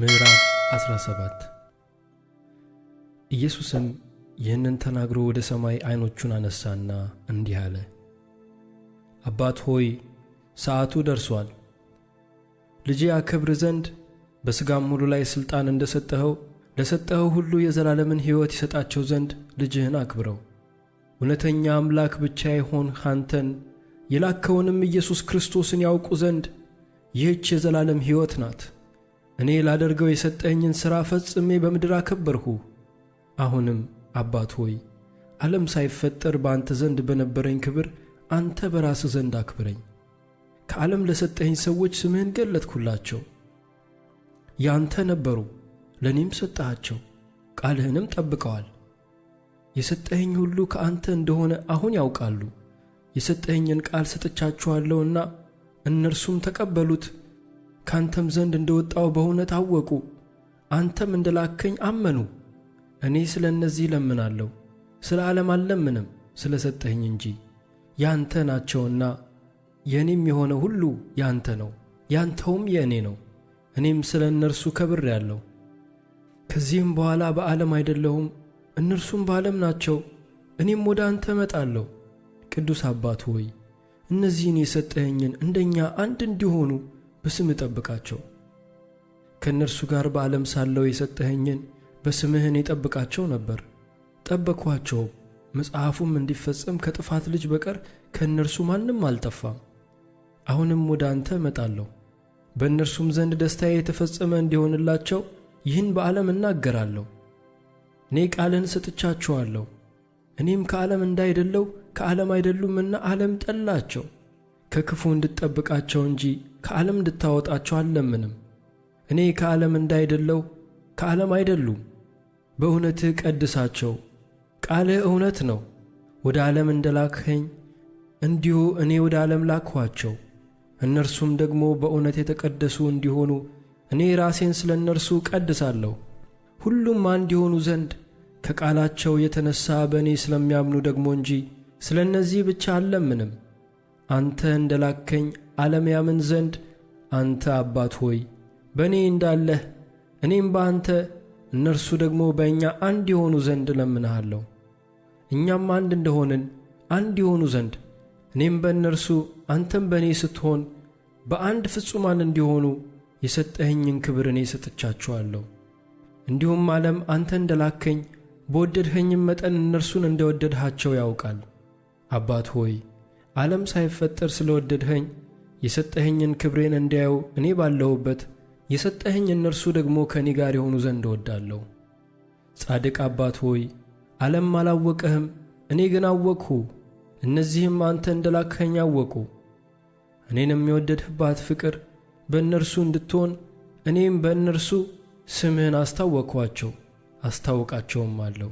ምዕራፍ 17 ኢየሱስም ይህንን ተናግሮ ወደ ሰማይ ዐይኖቹን አነሣና እንዲህ አለ፣ አባት ሆይ ሰዓቱ ደርሷል። ልጄ አከብር ዘንድ በሥጋም ሙሉ ላይ ሥልጣን እንደ ሰጠኸው ለሰጠኸው ሁሉ የዘላለምን ሕይወት ይሰጣቸው ዘንድ ልጅህን አክብረው። እውነተኛ አምላክ ብቻ የሆንህ አንተን የላከውንም ኢየሱስ ክርስቶስን ያውቁ ዘንድ ይህች የዘላለም ሕይወት ናት። እኔ ላደርገው የሰጠኸኝን ሥራ ፈጽሜ በምድር አከበርሁ። አሁንም አባት ሆይ ዓለም ሳይፈጠር በአንተ ዘንድ በነበረኝ ክብር አንተ በራስ ዘንድ አክብረኝ። ከዓለም ለሰጠኸኝ ሰዎች ስምህን ገለጥሁላቸው። ያንተ ነበሩ፣ ለእኔም ሰጠሃቸው፣ ቃልህንም ጠብቀዋል። የሰጠኸኝ ሁሉ ከአንተ እንደሆነ አሁን ያውቃሉ። የሰጠኸኝን ቃል ሰጥቻችኋለሁና እነርሱም ተቀበሉት ካንተም ዘንድ እንደወጣው በእውነት አወቁ፣ አንተም እንደላከኝ አመኑ። እኔ ስለ እነዚህ እለምናለሁ፣ ስለ ዓለም አልለምንም፣ ስለ ሰጠኸኝ እንጂ። ያንተ ናቸውና የእኔም የሆነ ሁሉ ያንተ ነው፣ ያንተውም የእኔ ነው። እኔም ስለ እነርሱ ከብር ያለው ከዚህም በኋላ በዓለም አይደለሁም፣ እነርሱም በዓለም ናቸው፣ እኔም ወደ አንተ እመጣለሁ። ቅዱስ አባት ሆይ እነዚህን የሰጠኸኝን እንደኛ አንድ እንዲሆኑ በስም እጠብቃቸው። ከእነርሱ ጋር በዓለም ሳለው የሰጠኸኝን በስምህን ይጠብቃቸው ነበር፣ ጠበቅኋቸውም። መጽሐፉም እንዲፈጸም ከጥፋት ልጅ በቀር ከእነርሱ ማንም አልጠፋም። አሁንም ወደ አንተ እመጣለሁ፣ በእነርሱም ዘንድ ደስታዬ የተፈጸመ እንዲሆንላቸው ይህን በዓለም እናገራለሁ። እኔ ቃልን ሰጥቻችኋለሁ። እኔም ከዓለም እንዳይደለው ከዓለም አይደሉምና ዓለም ጠላቸው። ከክፉ እንድትጠብቃቸው እንጂ ከዓለም እንድታወጣቸው አልለምንም። እኔ ከዓለም እንዳይደለው ከዓለም አይደሉም። በእውነትህ ቀድሳቸው፣ ቃልህ እውነት ነው። ወደ ዓለም ላክኸኝ እንዲሁ እኔ ወደ ዓለም ላክኋቸው። እነርሱም ደግሞ በእውነት የተቀደሱ እንዲሆኑ እኔ ራሴን ስለ እነርሱ ቀድሳለሁ። ሁሉም አንድ የሆኑ ዘንድ ከቃላቸው የተነሣ በእኔ ስለሚያምኑ ደግሞ እንጂ ስለ እነዚህ ብቻ አልለምንም። አንተ እንደላከኝ ዓለም ያምን ዘንድ አንተ አባት ሆይ በእኔ እንዳለህ እኔም በአንተ እነርሱ ደግሞ በእኛ አንድ የሆኑ ዘንድ እለምንሃለሁ። እኛም አንድ እንደሆንን አንድ የሆኑ ዘንድ እኔም በእነርሱ አንተም በእኔ ስትሆን በአንድ ፍጹማን እንዲሆኑ የሰጠኸኝን ክብር እኔ ሰጥቻችኋለሁ። እንዲሁም ዓለም አንተ እንደላከኝ በወደድኸኝም መጠን እነርሱን እንደወደድሃቸው ያውቃል። አባት ሆይ ዓለም ሳይፈጠር ስለወደድኸኝ የሰጠኸኝን ክብሬን እንዲያዩ እኔ ባለሁበት የሰጠኸኝ እነርሱ ደግሞ ከእኔ ጋር የሆኑ ዘንድ እወዳለሁ። ጻድቅ አባት ሆይ ዓለም አላወቀህም፣ እኔ ግን አወቅሁ። እነዚህም አንተ እንደላክኸኝ አወቁ። እኔንም የወደድህባት ፍቅር በእነርሱ እንድትሆን እኔም በእነርሱ ስምህን አስታወቅኋቸው አስታውቃቸውም አለሁ።